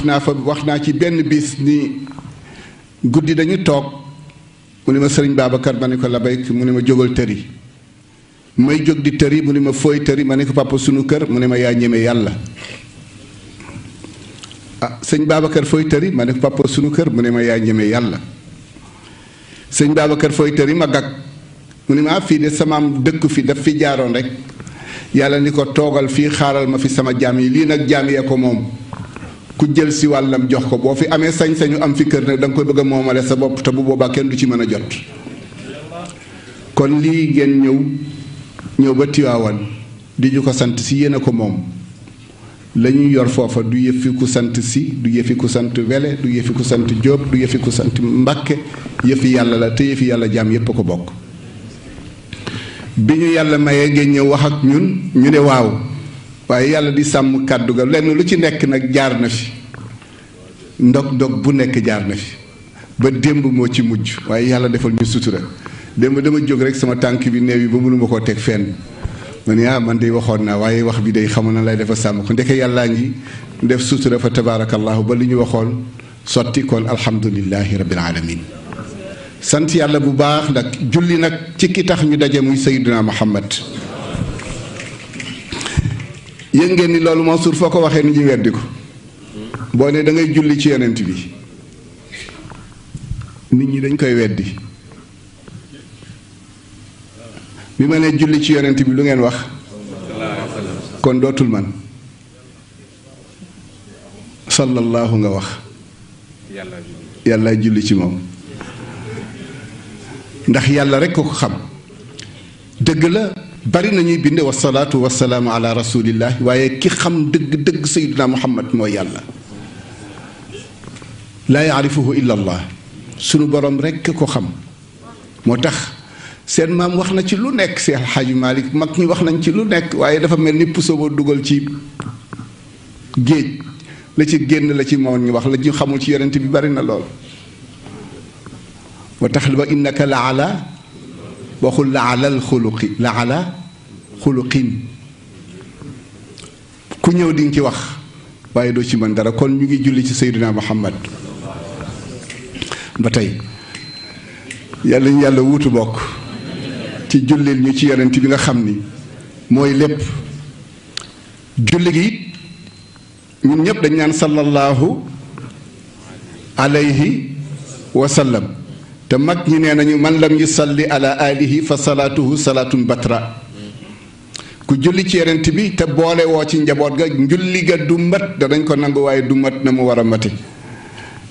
wax naa fa wax naa ci benn bis ni guddi dañu toog mu ne ma sëriñ Babacar ma ne ko labayk mu ne ma jógal tëri may jóg di tëri mu ne ma fooy tëri ma ne ko papa sunu kër mu ne ma yaa ñeme yàlla ah sëñ Babacar fooy tëri ma ne ko papa kër mu ne ma yaa ñeme yàlla sëñ Babacar fooy tëri ma gag mu ne ma ah, fii de samaam dëkk fi daf fi jaaroon rek yàlla ni ko toogal fii xaaral ma fi sama jaam yi lii nag jaam yee ko moom ku jël si wàllam jox ko boo fi amee sañ-sañu am fi kër nag da nga koy bëgg moomale sa bopp te bu boobaa kenn du ci mën a jot kon lii ngeen ñëw ñëw ba Tiwaawan di ñu ko sant si yéen ko moom la yor foofa du yëfi sant si du yëfi sant wele du yëfi sant jóob du yëfi sant mbàkke yëfi yàlla la te yëfi yàlla jaam yépp a ko bokk bi ñu yàlla mayee ngeen ñëw wax ak ñun ñu ne waaw waaye yàlla di sàmm kàddu lenn lu ci nekk nag jaar na fi ndog ndog bu nekk jaar na fi ba démb moo ci mujj waaye yàlla defal ñu sutura démb dama jóg rek sama tànk bi néew yi ba mënuma koo teg fenn ma ne ah, man de waxoon naa waaye wax bi day xamoon na lay defa sàmm ko ndeke yàllaa ngi def sutura fa tabaarakallahu ba li ñu waxoon sotti kon alhamdulilahi rabbil alamin sant yàlla bu baax nag julli nag ci ki tax ñu daje muy sayyiduna muhammad yëg ngeen ni loolu Mansour foo ko waxee nit ñi weddi ko boo ne da ngay julli ci yonent bi nit ñi dañ koy weddi bi ma ne julli ci yonent bi lu ngeen wax kon dootul man sallallahu nga wax yàlla julli ci moom ndax yàlla rekk ko xam dëgg la bari nañuy binde wa salam ala rasulillah waye ki xam deug deug sayyidina muhammad mo yàlla la ya'rifuhu illa allah sunu borom rek ko xam motax sen mam waxna ci lu nek cheikh alxaaji malik mak ñi waxnañ ci lu nek waye dafa melni ni puso ba ci géej la ci génn la ci moom ñu wax la ñu xamul ci yonent bi bari na lool moo tax innaka la ala waxul la alal xuluqi la ala xuluqin ku ñëw di ci wax waaye doo ci mën dara kon ñu ngi julli ci Seydina Muhammad ba tey yàlla ñu yàlla wuutu bokk ci jullil ñu ci yonent bi nga xam ni mooy lépp julli gi ñun ñëpp dañ naan sallallahu alayhi wa sallam te mag ñi ne nañu man lam yusalli ala alihi fa salaatuhu salaatun batra ku julli ci yonent bi te boole woo ci njaboot ga njulli ga du danañ ko nangu waaye du mat na mu war a mati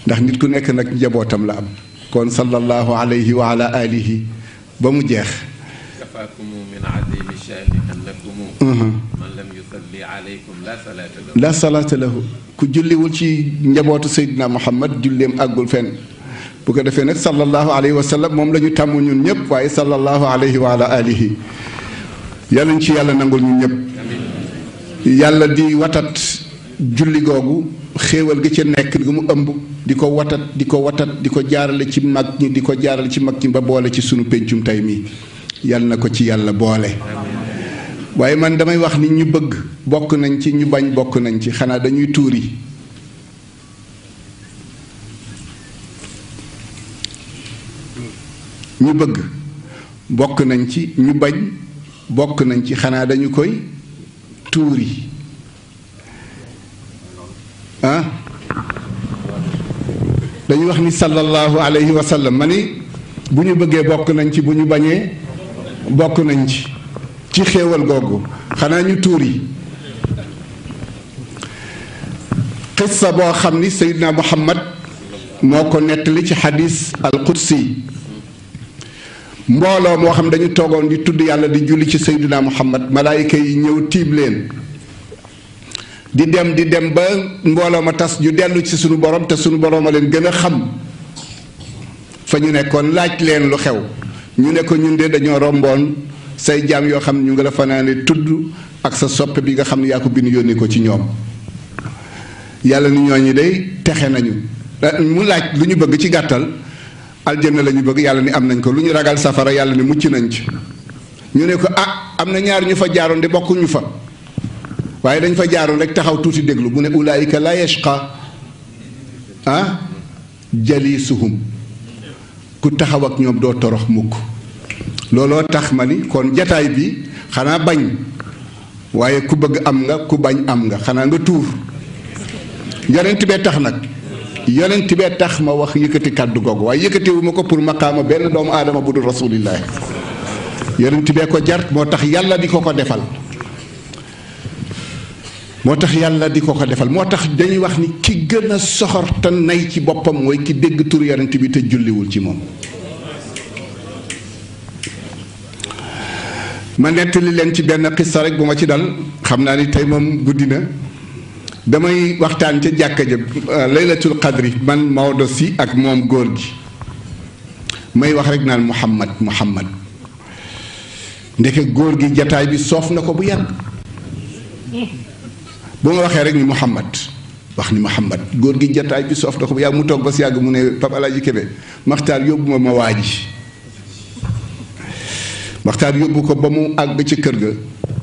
ndax nit ku nekk nag njabootam la am kon sallallahu alayhi ba mu jeex la salaata lahu ku julliwul ci njabootu seydina muhammad julleem àggul fenn bu ko defee nag sallallahu alayhi wa sallam moom la ñu tàmm ñun ñëpp waaye sallallahu alayhi wa ala alihi yàlla ñu ci yàlla nangul ñun ñëpp yàlla di watat julli googu xéewal gi ci nekk gi mu ëmb di ko watat di ko watat di ko jaarale ci mag ñi di ko jaarale ci mag ñi ba boole ci sunu péncum tey mi yàlla na ko ci yàlla boole waaye man damay wax ni ñu bëgg bokk nañ ci ñu bañ bokk nañ ci xanaa dañuy tuuri ñu bëgg bokk nañ ci ñu bañ bokk nañ ci xanaa dañu koy tuuri ah dañu wax ni sallallahu alayhi wa sallam ma bu ñu bëggee bokk nañ ci bu ñu bañee bokk nañ ci ci xéewal googu xanaa ñu tuuri xissa boo xam ni Seydina Muhammad moo ko nettali ci xadis al qudsi mbooloo moo xam dañu toogoon di tudd yàlla di julli ci sayduna muhammad malaayika yi ñëw tiib leen di dem di dem ba mbooloo ma tas ñu dellu ci sunu borom te sunu borom a leen gën a xam fa ñu nekkoon laaj leen lu xew ñu ne ko ñun de dañoo romboon say jaam yoo xam ñu ngi la fanaane tudd ak sa soppe bi nga xam ne yaa ko bind yónni ko ci ñoom yàlla ni ñi day texe nañu mu laaj lu ñu bëgg ci gàttal aljanna la ñu bëgg yàlla ni am nañ ko lu ñu ragal safara yàlla ni mucc nañ ci ñu ne ko ah am na ñaar ñu fa jaaroon di bokkuñu fa waaye dañ fa jaaroon rek taxaw tuuti déglu mu ne ulaayika la yashqa ah jalisuhum ku taxaw ak ñoom doo torox mukk looloo tax ma ni kon jataay bi xanaa bañ waaye ku bëgg am nga ku bañ am nga xanaa nga tuur yonent bee tax nag yonent bee tax ma wax yëkkati kàddu googu waaye yëkkatiwu ma ko pour maqaama benn doomu aadama bu dul rasulillahi yonent bee ko jar moo tax yàlla di ko ko defal moo tax yàlla di ko ko defal moo tax dañuy wax ni ki gën a soxor te nay ci boppam mooy ki dégg tur yonent bi te julliwul ci moom ma nettali leen ci benn xista rek bu ma ci dal xam naa ni tey moom guddi na damay waxtaan ci jàkka ja laylatul qadr man mawdo si ak mom gor gi may wax rek nan Muhammad Muhammad ndek gor gi jotaay bi sof nako bu yag bu nga waxe rek ni Muhammad wax ni Muhammad gor gi jotaay bi sof nako bu yag mu tok ba si mu ne papa Alaaji Kebe maktar yobuma ma waji maktar yobuko ba mu ag ci keur ga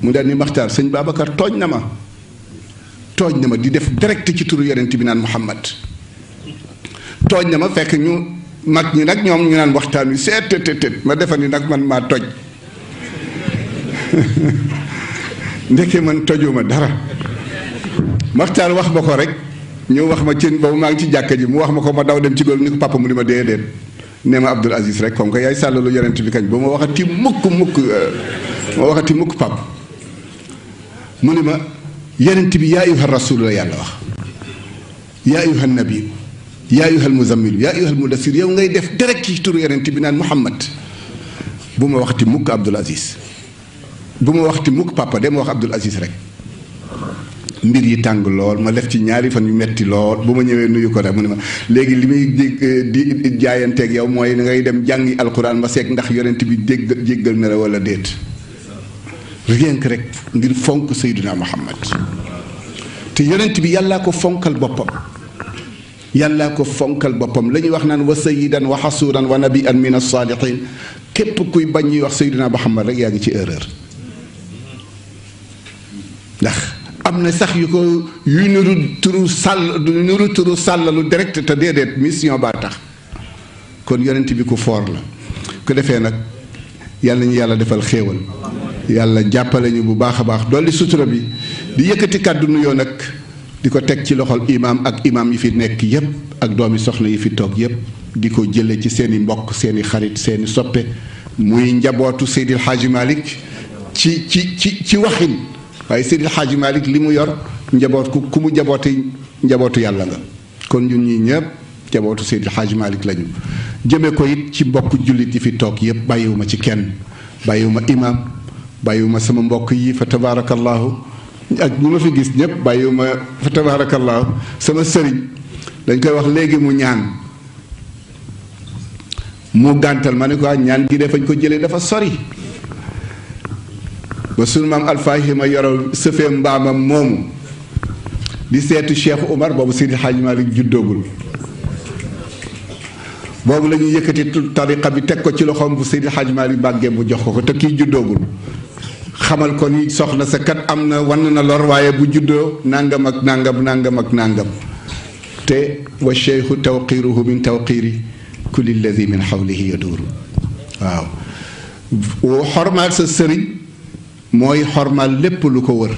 mu dal ni maktar seigne babakar togn na ma tooñ na ma di def direct ci turu yonent bi naan Muhammad tooñ na ma fekk ñu mag ñi nag ñoom ñu naan waxtaan wi seet tët tët ma defal ni nag man maa toj ndeke man tojuma dara Maxtaar wax ma ko rek ñëw wax ma ci boobu maa ngi ci jàkka ji mu wax ma ko ma daw dem ci góor ni ko papa mu ni ma déedéet nee ma Abdul Aziz rek comme que yaay sàllalu yonent bi kañ ba ma waxati mukk mukk euh, ma waxati mukk pap mu ni ma yenent bi yaa ayyuha rasul la yàlla wax yaa ayyuha nabi yaa ayyuha muzammil yaa ayyuha mudassir yow ngay def direct ci turu yenent bi naan Muhammad bu ma waxti mukk Abdul Aziz bu ma waxti mukk papa de ma wax Abdul Aziz rek mbir yi tàng lool ma def ci ñaari fan yu metti lool bu ma ñëwee nuyu ko rek mu ne ma léegi li muy di jaayanteeg yow mooy da ngay dem jàngi alquran ma seeg ndax yonent bi jéggal jéggal na la wala déet rien que rek ngir fonk sayyidina muhammad te yonent bi yalla ko fonkal bopam yalla ko fonkal bopam la wax nan wa sayyidan wa hasuran wa nabiyan min as-salihin kep kuy bañ ñuy wax sayyidina muhammad rek yaa ci erreur ndax amna sax yu ko yu nuru turu sal sàll nuru turu sal lu direct te dedet mission ba tax kon yonent bi ku for la ku defé nak yàlla ñu yàlla defal xéewal yàlla jàppale ñu bu baax a baax dolli sutura bi di yëkkati kàddu nuyoo nag di ko teg ci loxol imaam ak imaam yi fi nekk yépp ak doomi soxna yi fi toog yépp di ko jële ci seeni mbokk seeni xarit seeni soppe muy njabootu Seydil Hadji maalik ci ci ci ci waxin waaye Seydil Hadji Malick li mu yor njaboot ku ku mu njabooti njabootu yàlla nga kon ñun ñii ñépp njabootu Seydil Hadji Malick lañu jëme ko it ci mbokk jullit yi fi toog yépp bàyyiwuma ci kenn bàyyiwuma imaam ma sama mbokk yi fa tabaarakallaahu ak ñi ma fi gis ñëpp ma fa tabaarakallaahu sama sëriñ dañ koy wax léegi mu ñaan mu gàntal ma ne ko ah ñaan gi de fañ ko jëlee dafa sori ba sunu maam ma yoro sëfee mbaamam moomu di seetu Cheikh Umar boobu Seydi Hadji Malick juddoogul boobu la ñuy yëkkati tariqa bi teg ko ci loxoom bu Seydi Hadji Malick bàggee mu jox ko ko te kii juddoogul xamal ko ni soxna sa kat am na wan na lor waaye bu juddoo nangam ak nangam nàngam ak nangam te wa cheikhu tawqiruhu min tawqiri kulli lladi min xawlihi yaduuru waaw xormaal sa sëriñ mooy xormaal lépp lu ko wër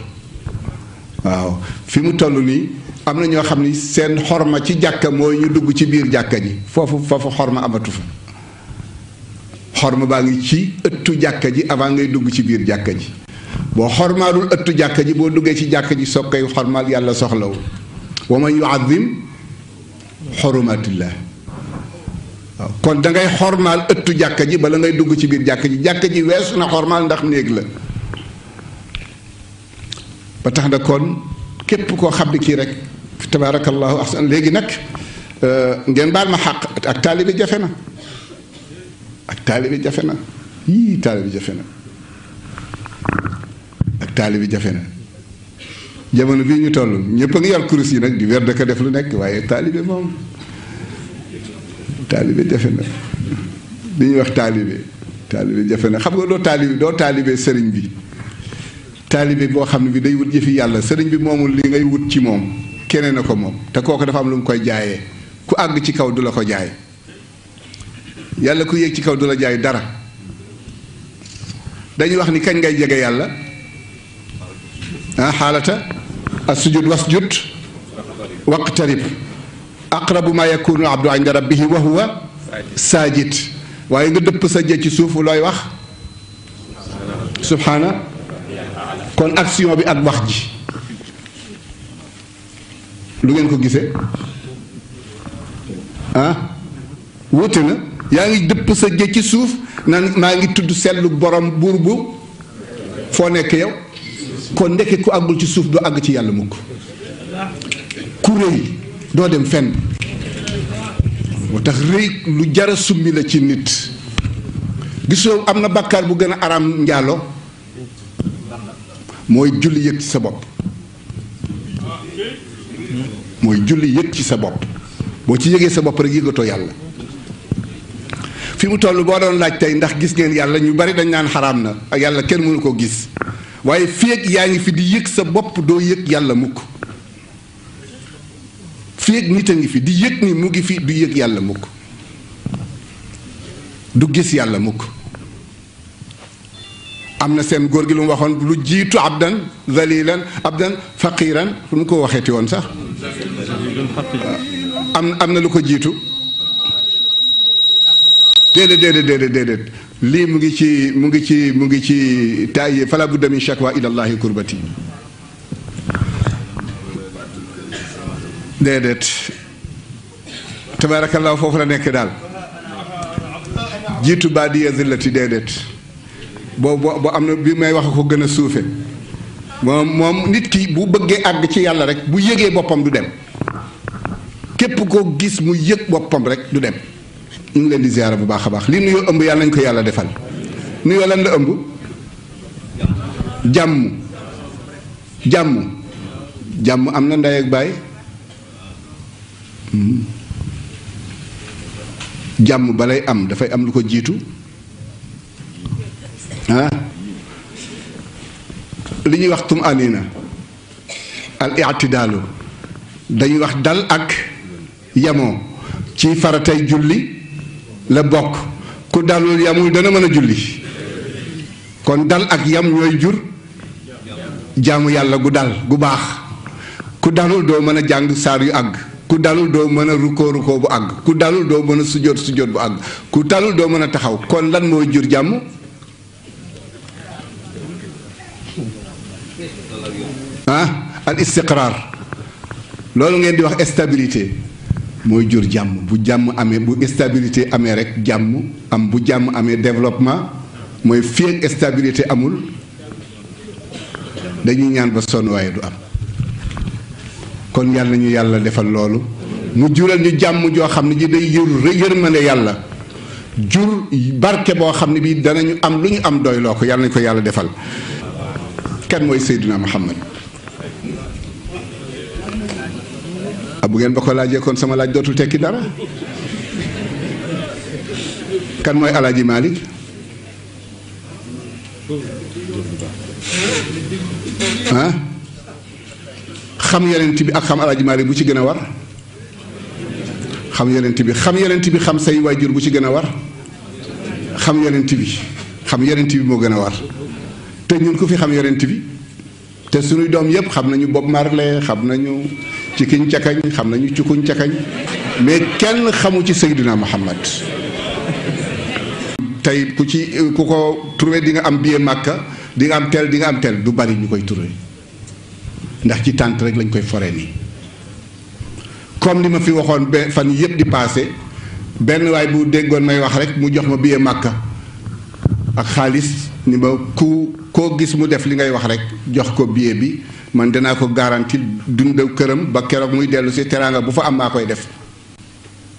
waaw fi mu toll nii am na ñoo xam ni seen xorma ci jàkka mooy ñu dugg ci biir jàkka ji foofu foofu xorma amatu fa xorma baa ngi ci ëttu jàkka ji avant ngay dugg ci biir jàkka ji boo xormaalul ëttu jàkka ji boo duggee ci jàkka ji soog koy xormaal yàlla soxlawul wa man yuazim xormatillah kon dangay ngay xormaal ëttu jàkka ji bala ngay dugg ci biir jàkka ji jàkka ji weesu na xormaal ndax néeg la ba tax na kon képp koo xam ne kii rek tabaarakallahu ahsan léegi nag euh, ngeen baal ma xàq ak taalibi jafe na ak taalibi jafe na yii taalibi jafe na ak taalibi jafe na jamono bii ñu toll ñëpp a ngi yor kurus yi nag di wer dëkk def lu nekk waaye taalibe moom taalibe jafe na li ñuy wax taalibe taalibe jafe na xam nga doo taalibe doo taalibe sëriñ bi taalibe boo xam ne bi day wut jëfi yàlla sëriñ bi moomul li ngay wut ci moom keneen a ko moom te kooku dafa am lu mu koy jaayee ku àgg ci kaw du la ko jaay yàlla ku yéeg ci kaw du la jaay dara dañuy wax ni kañ ngay jege yàlla ah xaalata asujud wasjud waqtarib aqrabu ma yakunu abdu inda rabbihi wa huwa saajid waaye nga dëpp sa jë ci suuf looy wax subhaana kon action bi ak wax ji lu ngeen ko gisee ah wuute na yaa ngi dëpp sa jë ci suuf naan maa ngi tudd sellu borom buur bu foo nekk yow kon ndeke ku àggul ci suuf doo àgg ci yàlla mukk ku rëy doo dem fenn moo tax rëy lu jara summi la ci nit gisoo am na bàkkaar bu gën a araam njaalo mooy julli yëg ci sa bopp mooy julli yëg ci sa bopp boo ci yëgee sa bopp rek yëgatoo yàlla fi mu toll boo doon laaj tey ndax gis ngeen yàlla ñu bari dañ naan xaraam na ak yàlla kenn mënu ko gis waaye féeg yaa ngi fi di yëg sa bopp doo yëg yàlla mukk féeg nit a ngi fi di yëg ni mu ngi fi du yëg yàlla mukk du gis yàlla mukk am na seen góor gi lu mu waxoon lu jiitu abdan zalilan abdan faqiran fu mu ko waxeeti woon sax am am na lu ko jiitu déedéet déedéet lii mu ngi ci mu ngi ci mu ngi ci taay fala budda min shakwa ilallahi kurbati déedéet tabaarakallaa foofu la nekk daal jiitu baadiya zillati déedéet boobu bo am na bi may wax ko gën a suufe moom moom nit ki bu bëggee àgg ci yàlla rek bu yëgee boppam du dem képp koo gis mu yëg boppam rek du dem ñu leen di bu baax a baax li nuyoo ëmb yàlla nañ ko yàlla defal nuyoo jàmm jàmm jàmm am na ndey ak hmm. jàmm balay am dafay am lu ko jiitu ah li ñuy wax tum anina al i'tidaalu dañuy wax dal ak yamoo ci faratay julli la bokk ku dalul yamul dana mën a julli kon dal ak yam ñooy jur jàmm yàlla gu dal gu baax ku dalul doo mën a jàng saar yu àgg ku dalul doo mën a rukkoo rukkoo bu àgg ku dalul doo mën a sujjóot sujjóot bu àgg ku dalul doo mën a taxaw kon lan mooy jur jàmm ah al istiqraar loolu ngeen di wax stabilité mooy jur jàmm bu jàmm amee bu stabilité amee rek jàmm am bu jàmm amee développement mooy fii ak stabilité amul dañuy ñaan ba sonn waaye du am kon yàlla ñu yàlla defal loolu mu jural ñu jàmm joo xam ne ji day jur ne yàlla jur barke boo xam ne bii danañu am lu ñu am doyloo ko yàlla nañ ko yàlla defal kan mooy Seydina Muhammad bu ngeen ba laajee kon sama laaj dootul tekki dara kan mooy alaaji Malick ah xam yonent bi ak xam alaaji Malick bu ci gën a war xam yonent bi xam yonent bi xam say waajur bu ci gën a war xam yonent bi xam yonent bi moo gën a war te ñun ku fi xam yonent bi te suñuy doom yépp xam nañu Bob Marley xam nañu ci kiñ ca kañ xam nañu ci kuñ ca kañ mais kenn xamu ci Seydina Muhammad tey ku ci ku ko trouvé di nga am billet Màkka di nga am tel di nga am tel du bari ñu koy trouvé ndax ci tànt rek lañ koy fore nii comme li ma fi waxoon ba fan yëpp di passé benn waay bu déggoon may wax rek mu jox ma billet Màkka ak xaalis ni ma ku koo gis mu def li ngay wax rek jox ko billet bi man dinaa ko garanti dund këram ba keroog muy dellu si teraanga bu fa am maa koy def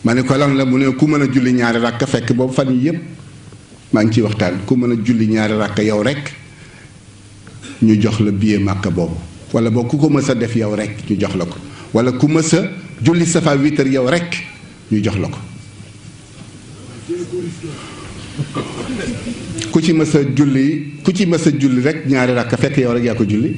ma ne ko lan la mu ne ku mën a julli ñaari ràkk fekk boobu fan yi yépp maa ngi ciy waxtaan ku mën a julli ñaari ràkk yow rek ñu jox la billet màkk boobu wala boo ku ko mës a def yow rek ñu jox la ko wala ku mës a julli safa witr yow rek ñu jox la ko ku ci mës a julli ku ci mës julli rek ñaari rakk fekk yow rek yaa ko julli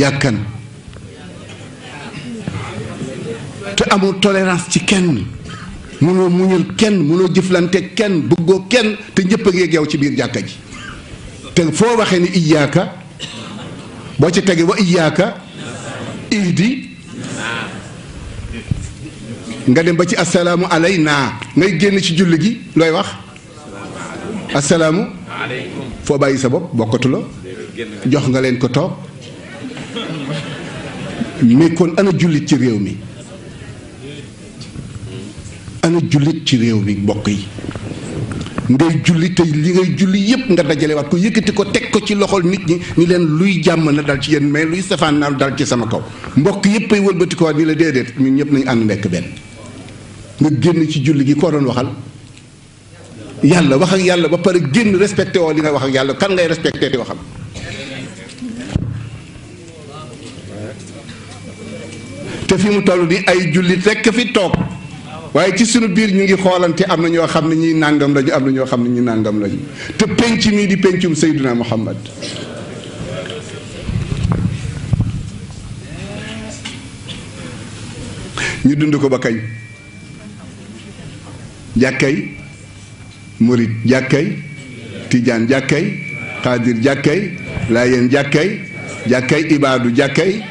yàkkan te amul tolérance ci kenn mënoo muñal kenn mënoo jëflante kenn bëggoo kenn te ñëpp a ngeeg yow ci biir jàkka ji te foo waxee ni iyaaka boo ci tege wa iyaaka ihdi nga dem ba ci asalaamu alay naa ngay génn ci julli gi looy wax asalaamu foo bàyyi sa bopp bokkatu la jox nga leen ko toog mais kon ana jullit ci réew mi ana jullit ci réew mi mbokk yi ngay julli te li ngay julli yépp nga dajale waat ko yëkkati ko teg ko ci loxol nit ñi ñi leen luy jàmm na dal ci yéen mais luy safaan naa dal ci sama kaw mbokk yépp ay wëlbati ko waat ni la déedéet ñun ñëpp nañu ànd nekk benn nga génn ci julli gi koo doon waxal yàlla wax ak yàlla ba pare génn respecté woo li nga wax ak yàlla kan ngay respecté di waxam te fi mu toll di ay jullit rekk fi toog waaye ci sunu biir ñu ngi xoolante am na ñoo xam ne ñuy nàngam lañu am na ñoo xam ne ñu nàngam lañu te penc mii di pencum Seydina Muhammad ñu dund ko ba kañ jàkkay murit jàkkay tijaan jàkkay xaadir jàkkay laayeen jàkkay jàkkay ibaadu jàkkay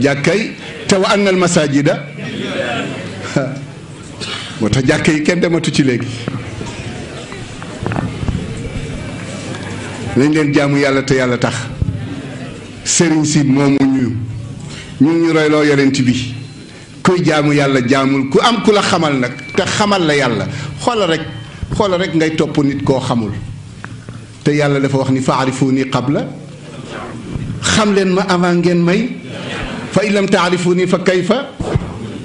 jàkkay te wa anna al moo jakkay ken yi kenn dematu ci legi nañ leen jaamu yàlla te yàlla tax serigne si momu ñu ñun ñu royloo yonent bi kuy jaamu yàlla jaamul ku am kula xamal nak te xamal la yàlla xol rek xol rek ngay top nit ko xamul te yàlla dafa wax ni fa'rifuni qabla xam len ma avant ngeen may fa ilam ta'rifuni fa kayfa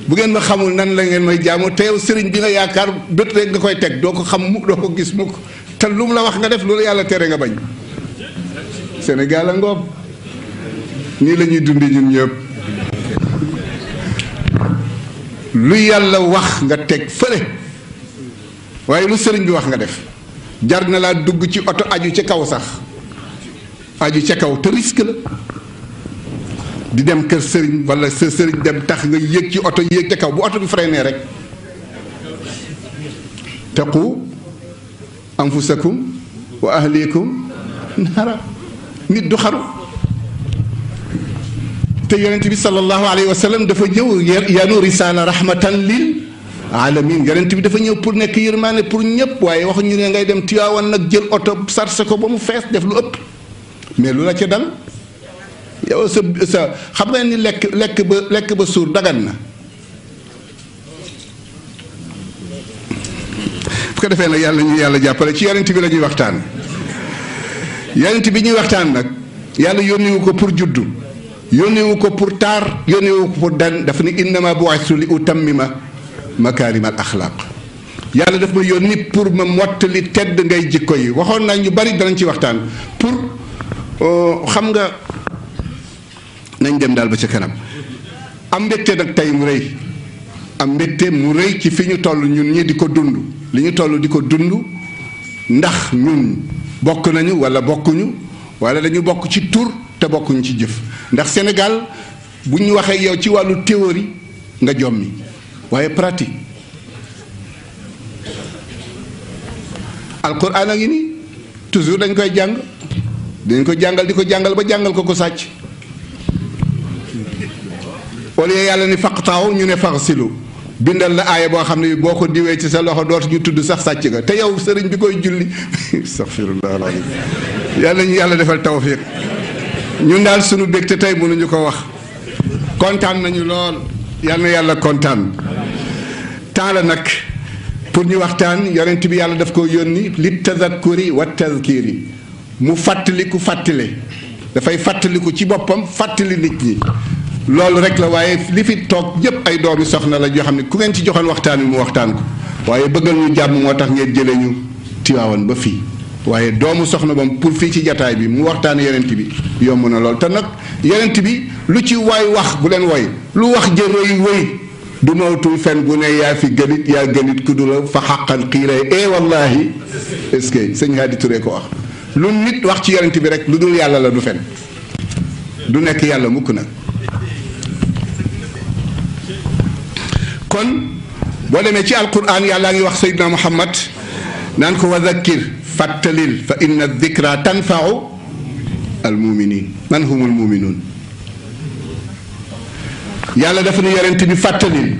bu ngeen ma xamul nan la ngeen may jaamu teew sëriñ bi nga yaakaar bët rek nga koy teg doo ko xam mukk doo ko gis mukk te lu mu la wax nga def loolu yàlla tere nga bañ Sénégal a ngoob nii la ñuy dundi ñun lu yàlla wax nga teg fële waaye lu sëriñ bi wax nga def jar na laa dugg ci oto aju ca kaw sax aju ca kaw te risque la di dem kër sëriñ wala sa sëriñ dem tax nga yéeg ci oto yéeg ca kaw bu oto bi freiné rek taqu anfusakum wa ahlikum nara nit du xaru te yonent bi sallallahu alayhi wa sallam dafa ñëw yanu risala rahmatan lil alamin yonent bi dafa ñëw pour nekk yermane pour ñëpp waaye ñu ne ngay dem Tiwaawan nag jël oto sarse ko ba mu fees def lu ëpp mais lu la ca dal yow sa sa xam nga ni lekk lekk ba lekk ba suur daggan na bu ko defee na yàlla ñu yàlla jàppale ci yonent bi lañuy waxtaan yonent bi ñuy waxtaan nag yàlla yónniwu ko pour juddu yónniwu ko pour taar yónniwu ko pour dan dafa ni innama bu'istu li utammima makaarimal axlaaq yàlla daf ma yónni pour ma mottali tedd ngay jikko yi waxoon naa ñu bari danañ ci waxtaan pour euh, xam nga nañ dem daal ba ca kanam am mbégte nag tey mu réy am mbégte mu réy ci fi ñu toll ñun ñi di ko dund li ñu toll di ko dund ndax ñun bokk nañu wala bokkuñu wala dañu bokk ci tur te bokkuñu ci jëf ndax Sénégal bu ñu waxee yow ci wàllu théorie nga jommi waaye pratique alquran a ngi nii toujours dañ koy jàng dañ ko jàngal di ko jàngal ba jàngal ko ko sàcc au lieu yàlla ni faqtaaw ñu ne faxsilu bindal la aaya boo xam ne boo ko diwee ci sa loxo ñu tudd sax sàcc nga te yow sëriñ bi koy julli astaghfirullah alazim yàlla ñu yàlla defal tawfiq ñun daal suñu bég te tey mënuñu ko wax kontaan nañu lool yàlla yàlla kontaan temps nag pour ñu waxtaan yonent bi yàlla daf ko yónni li tazakuri wa tazkiri mu fàttaliku fàttale dafay fàttaliku ci boppam fàttali nit ñi loolu rek la waaye li fi toog yépp ay doomi soxna la yoo xam ne ku ngeen ci joxoon waxtaan wi mu waxtaan ko waaye bëggal ñu jàmm moo tax ngeen jëlee ñu tiwaawan ba fii waaye doomu soxna moom pour fii ci jataay bi mu waxtaan yonent bi yomb na lool te nag yonent bi lu ci waay wax bu leen woy lu wax jërëy woy du mawtul fen gu ne yaa fi gënit yaa gënit ku du la fa xaqan xiira e eh, wallaahi est-ce que sëñ Hadi Touré ko wax lu nit wax ci yonent bi rek lu dul yàlla la du fen nekk yàlla mukk nag kon bo demee ci alquran yàlla ngi wax sayyidna muhammad naan ko wa dhakkir fàttalil fa inna dhikra tanfau almuminin man hum almuminun yàlla dafa ne yonent bi fàttalil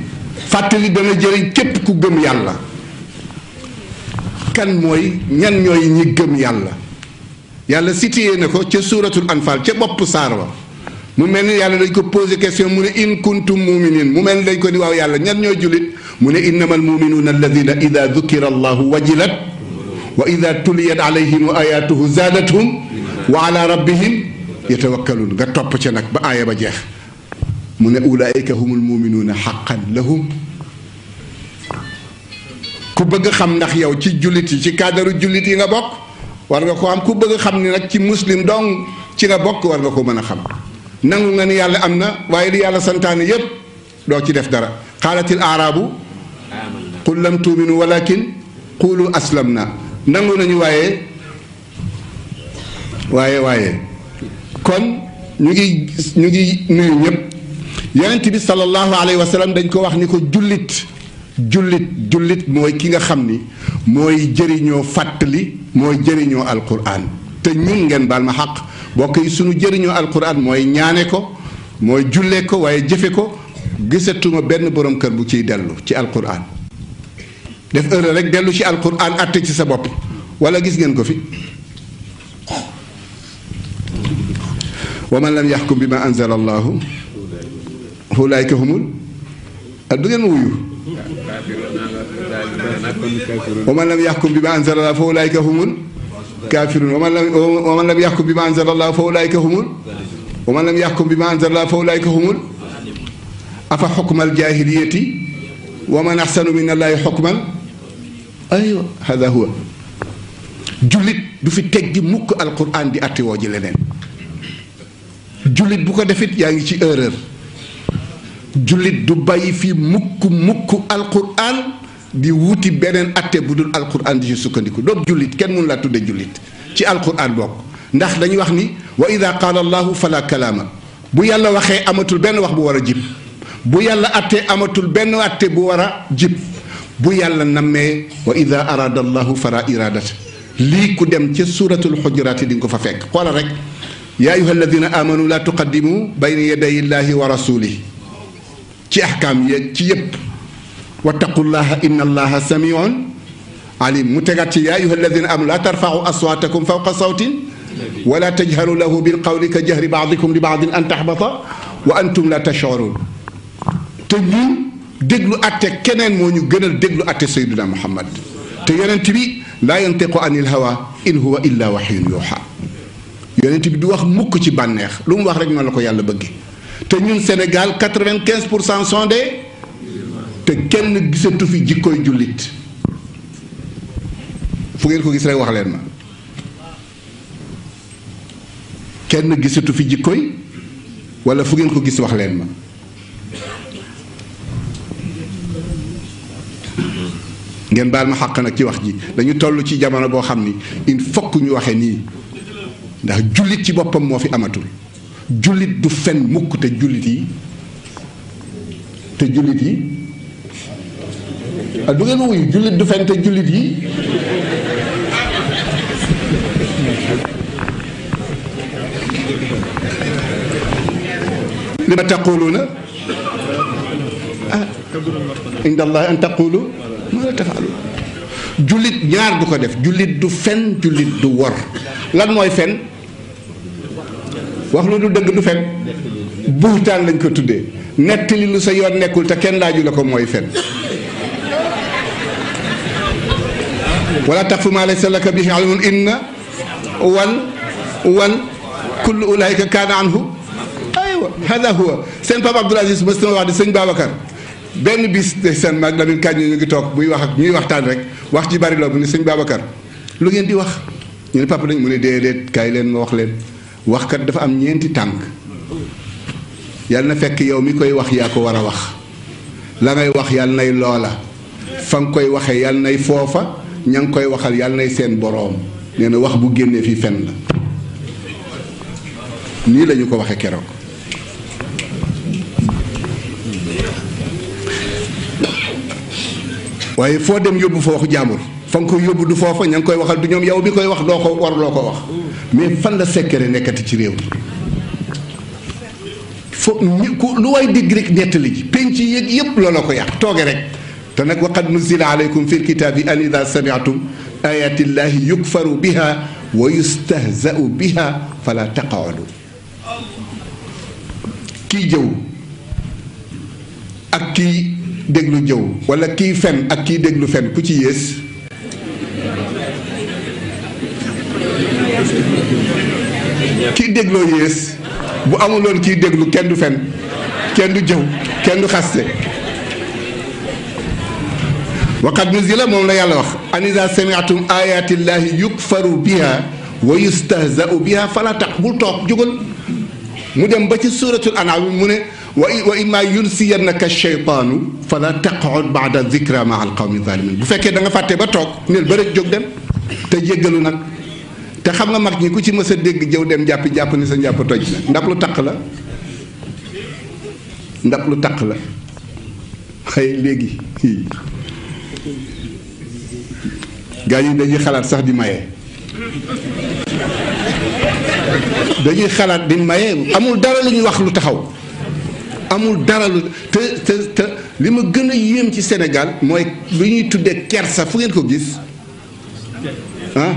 fàttali dana jëriñ képp ku gëm yàlla kan mooy ñan ñooy ñi gëm yàlla yàlla sitiyee na ko ca suuratul anfaal ca bopp saar wa mu mel ni yàlla dañ ko posé question mu ne in kuntum muminin mu mel ni dañ ko ni waaw yàlla ñan ñoo jullit mu ne innamal muminuuna alladina ida dukira allahu wajilat wa ida tuliyat alayhim wa ayatuhu zaadathum wa ala rabbihim yatawakkaluun nga topp ca nag ba aaya ba jeex mu ne ulaika humul muminuuna xaqan lahum ku bëgg xam ndax yow ci jullit yi ci cadre jullit yi nga bokk war nga ko xam ku bëgg xam ni nag ci muslim dong ci nga bokk war nga ko mën a xam nangu nga ni yàlla am na waaye li yàlla santaane yépp doo ci def dara xaalatil aaraabu qul lam tuuminu walakin qulu aslam na nangu nañu waaye waaye waaye kon ñu ngi ñu ngi nuyu ñëpp yonent bi sallallahu alayhi wa sallam dañ ko wax ni ko jullit jullit jullit mooy ki nga xam ni mooy jëriñoo fàttali mooy jëriñoo alquran تنين جن بالمحق بوكي سنو جرينو القرآن موي نيانيكو موي جوليكو واي جيفيكو غيستو ما بن بروم كير بو تي دالو تي القرآن ديف اور ريك دالو تي القرآن اتي سي سبوب ولا غيس نين كو في ومن لم يحكم بما انزل الله فاولئك هم الدوغن ويو ومن لم يحكم بما انزل الله فاولئك هم الكافرون كافرون ومن ومن لم يحكم بما انزل الله فاولئك هم ومن لم يحكم بما انزل الله فاولئك هم افحكم الجاهليه ومن احسن من الله حكما ايوه هذا هو جلد du fi teggi mukk alquran di àttewoo ji leneen jullit bu ko defit yaa ngi ci erreur jullit du bàyyi di wuti benen atte budul alquran di ci sukkandiku doog jullit kenn mun la tudde julit ci alquran bok ndax dañ wax ni wa idha qala allah fala kalama bu yàlla waxe amatul ben wax bu wara jib bu yàlla atté amatul ben atte bu wara jib bu yàlla namé wa idha arada allah fara iradat li ku dem ci suratul hujurat di ko fa fek xoola rek ya ayuha alladhina amanu la tuqaddimu bayna yaday allah wa rasulih ci ahkam yeeg ci yep واتقوا الله إن الله سميع عليم متغات يا أيها الذين آمنوا لا ترفعوا أصواتكم فوق صوت ولا تجهروا له بالقول كجهر بعضكم لبعض أن تحبط وأنتم لا تشعرون تجيو دغلو ات كنن مونيو قنل دغلو ات سيدنا محمد تي تبي لا ينطق عن الهوى إن هو إلا وحي يوحى yonent bi du wax mukk ci bànneex lu mu wax rek noonu la ko yàlla bëgge te te kenn gisatu fi jikkoy jullit fu ngeen ko gis rekk wax leen ma kenn gisatu fi jikkoy walla fu ngeen ko gis wax leen ma ngeen baal ma xàq nag ci wax ji dañu toll ci jamono boo xam ni il faut ñu waxe nii ndax jullit ci boppam moo fi amatul jullit du fen mukk te jullit yi te jullit yi Ah, du ngeen wuyu jullit du fente jullit yi li ma taquluuna ah inda allahi an taqulu ma la tafaalu jullit ñaar du ko def jullit du fen jullit du wor lan mooy fen wax lu du dëgg du fen buutaan lañ ko tuddee nettali lu sa yoon nekkul te kenn laa la ko mooy fen ولا تقف ما ليس لك به علم إن وال وال كل أولئك كان عنه أيوة هذا هو سين باب عبد العزيز مسلم وعد سين بابا كان بين بيس سين ما قلنا من كان يجي توك بيو واحد بيو واحد تانك واحد يباري لو من سين بابا كان لقين دي واحد ñu ne papa dañ mu ne déedéet kay leen ma wax leen wax kat dafa am ñeenti tànk yàlla na fekk yow mi koy wax yaa ko war a wax la ngay wax yàlla nay loola fa nga koy waxee yàlla ña ngi koy waxal yàlla nay seen boroom nee na wax bu génnee fi fen la nii lañu ko waxe keroog waaye foo dem yóbbu fa waxu jaamur fa koy yóbbu du foofa ña ngi koy waxal du ñoom yow bi koy wax doo ko war loo ko wax mais fan la sekkere nekkati ci réew foo fo ku lu way dégg rek nettali ji penc yéeg yépp loola ko yàq tooge rek te nag waqad nuzila alaykum fi lkitaabi an ida samiatum ayati llahi yukfaru biha wa yustahzau biha fala taqaadu kii jëw ak kii déglu jëw wala kii fen ak kii déglu fen ku ci yées kii dégloo yées bu amuloon kii déglu kenn du fen kenn du jëw kenn du xaste وقد نزل من لا يلوخ أن إذا سمعتم آيات الله يكفر بها ويستهزأ بها فلا تقبل توك جوجل مدام باتي سورة الأنعام من وإما ينسينك الشيطان فلا تقعد بعد الذكرى مع القوم الظالمين بو فكي دا فاتي با توك نيل بريك جوج ديم تا جيغلو نك تا خمغا ماك ني كوتي مسا ديغ جيو ديم جابي جاب ني سا جاب توج نابلو تاك لا نابلو تاك لا خاي ليغي gaa yi dañuy xalaat sax di maye dañuy xalaat di maye amul dara lu ñuy wax lu taxaw amul dara lu te te te li ma gën a yéem ci senegal mooy lu ñuy tuddee kersa fu ngeen ko gis ah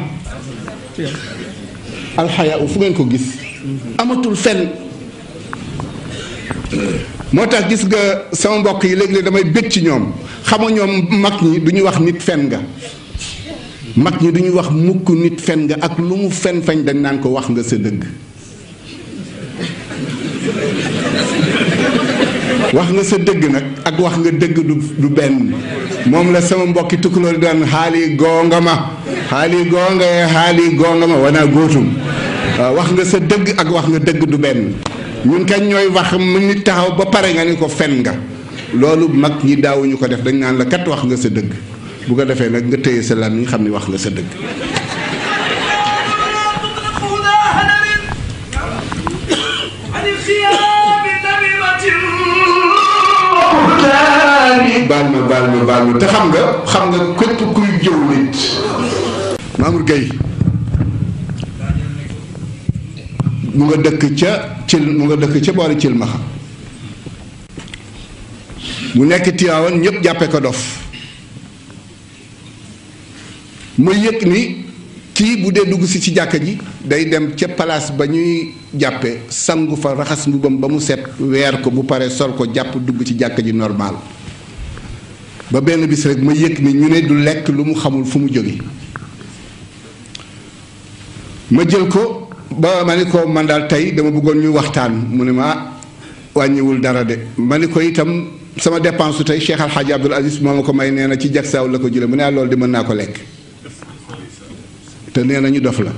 fu ngeen ko gis amatul fenn moo tax gis nga sama mbokk yi léeg-léeg damay bég ci ñoom xama ñoom mag ñi du ñu wax nit fenn nga mag ñi duñu wax mukk nit fen nga ak lu mu fen fañ dañ naan ko wax nga sa dëgg wax nga sa dëgg nag ak wax nga dëgg du du benn moom la sama mbokki tukkulóor daan xaali goonga ma xaali goonga yee xaali goonga ma wanaa wax nga sa dëgg ak wax nga dëgg du benn ñun kañ ñooy wax mu nit taxaw ba pare nga ni ko fen nga loolu mag ñi daawuñu ko def dañ naan la kat wax nga sa dëgg bu ko defee nag nga téye sa lan yi nga xam ni wax nga sa dëgg baal ma baal ma baal ma te xam nga xam nga képp kuy jëw nit Mamour Gueye mu nga dëkk ca cil mu nga dëkk ca boori cil ma xam mu nekk Tiwaawan ñëpp jàppe ko dof ma yëg ni kii bu dee dugg si ci jàkka ji day dem ca palaas ba ñuy jàppe sangu fa raxas mbubam ba mu set weer ko bu pare sol ko jàpp dugg ci jàkka ji normal ba benn bis rek ma yëg ni ñu ne du lekk lu mu xamul fu mu jóge ma jël ko ba ma ni ko man daal tey dama bëggoon ñu waxtaan mu ne ma ah, wàññiwul dara de ma ni ko itam sama dépense tey Cheikh Al Hadj Abdoul Aziz moo ma ko may nee na ci jagsaaw la ko jële mu ne ah, loolu di mën naa ko lekk te nee nañu dof la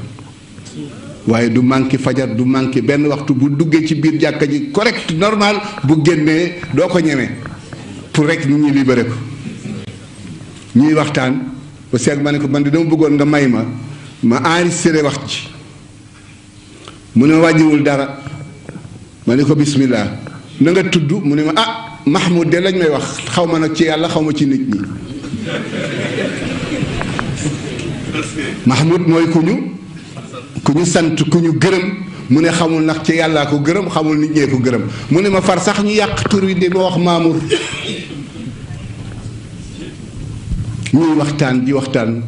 waaye du manqué fajar du manqué benn waxtu bu duggee ci biir jàkka ji correct normal bu génnee doo ko ñemee pour rek nit ñi libéré ko ñuy waxtaan ba seeg ma ne ko man di dama bëggoon nga may ma ma enregistré wax ci mu ne ma wàññiwul dara ma ne ko bismillah na nga tudd mu ne ma ah Mahmoud de lañ may wax xaw ma nag ci yàlla xaw ma ci nit ñi Mahmoud mooy ku ñu ku ñu sant ku ñu gërëm mu ne xamul nag ci yàllaa ko gërëm xamul nit ñee ko gërëm mu ne ma far sax ñu yàq tur wi di ma wax Mamour ñuy waxtaan di waxtaan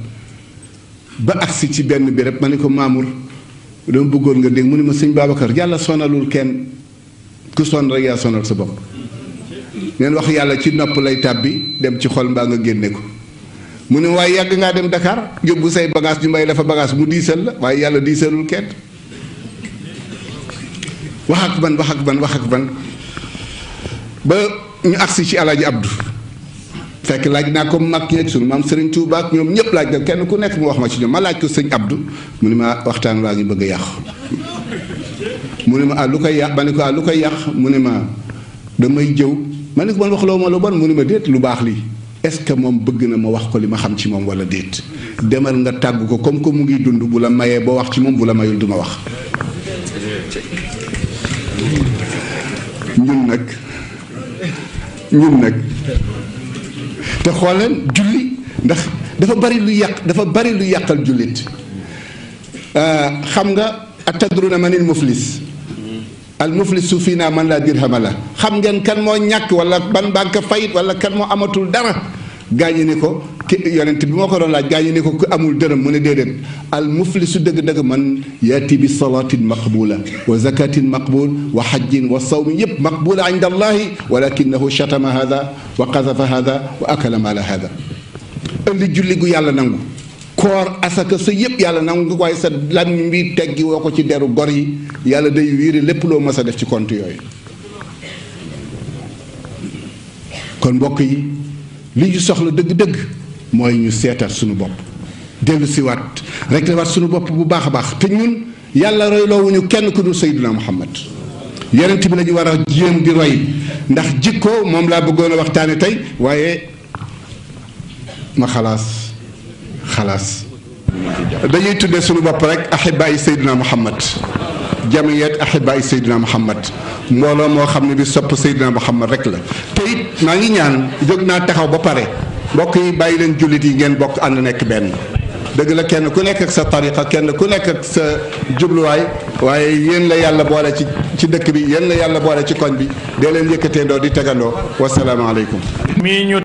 ba agsi ci benn bi rek ma ne ko Mamour dama bëggoon nga dégg mu ne ma sëñ Babacar yàlla sonalul kenn ku son rek yaa sonal sa bopp neen wax yàlla ci nopp lay tàbbi dem ci xol mbaa nga génne ko mune way yag nga dem Dakar yobbu say bagage ñu may la fa bagage mu diesel la way yalla diisalul kenn wax ak ban wax ak ban wax ak ban ba ñu aksi ci alaaji abdou fekk laaj na ko mak ñeeg sun mam serigne touba ak ñom ñep laaj na kenn ku nekk mu wax ma ci ñom ma laaj ko serigne abdou mune ma waxtaan la ñu bëgg yaax mune ma ah, lu kay yaax baniko ah, lu kay yaax mune ma damay jëw maniko ban wax lo ma lo ban mune ma deet lu baax li est-ce que moom bëgg na ma wax ko li ma xam ci moom wala déet demal nga tàgg ko comme que mu ngi dund bu la mayee boo wax ci moom bu la mayul du wax ñun nag ñun nag te xooleen julli ndax dafa bari lu yàq dafa bari lu yàqal jullit euh, xam nga atadruna manil muflis المفلس فينا من لا درهم له خم جن كان مو نياك ولا بان بانك فايت ولا كان مو اماتول دار غاني نيكو يونت بي موكو دون لا غاني نيكو كو درم مون ديدن المفلس دغ دغ من ياتي بصلاه مقبوله وزكاه مقبول وحج وصوم يب مقبول عند الله ولكنه شتم هذا وقذف هذا واكل مال هذا اللي جولي يالا نانغو koor asaka sa yëpp yàlla nangu waaye sa làmmiñ bi teggi woo ko ci deru gor yi yàlla day wiiri lépp loo mës a def ci compte yooyu kon mbokk yi li ñu soxla dëgg-dëgg mooy ñu seetal suñu bopp dellu siwaat rek la waat suñu bopp bu baax a baax te ñun yàlla royloowuñu kenn ku dul sayyiduna muhammad yonent bi la ñu war a jéem di roy ndax jikko moom laa bëggoon a waxtaane tey waaye ma xalaas خلاص دعيت دسول ببرك أحبائي سيدنا محمد جميع أحبائي سيدنا محمد مولا ما خمني بسب سيدنا محمد ركلا تيت نعين يان جوجنا تخاو ببرك بقي بايلن جلدي جن بق أنا نك بن دعلا كأنه كونك أكس طريقة كأنه كونك أكس جبلوا أي واي ين لا يلا بوالة شيء شيء دكبي ين لا يلا بوالة شيء كنبي دلني كتير دودي والسلام عليكم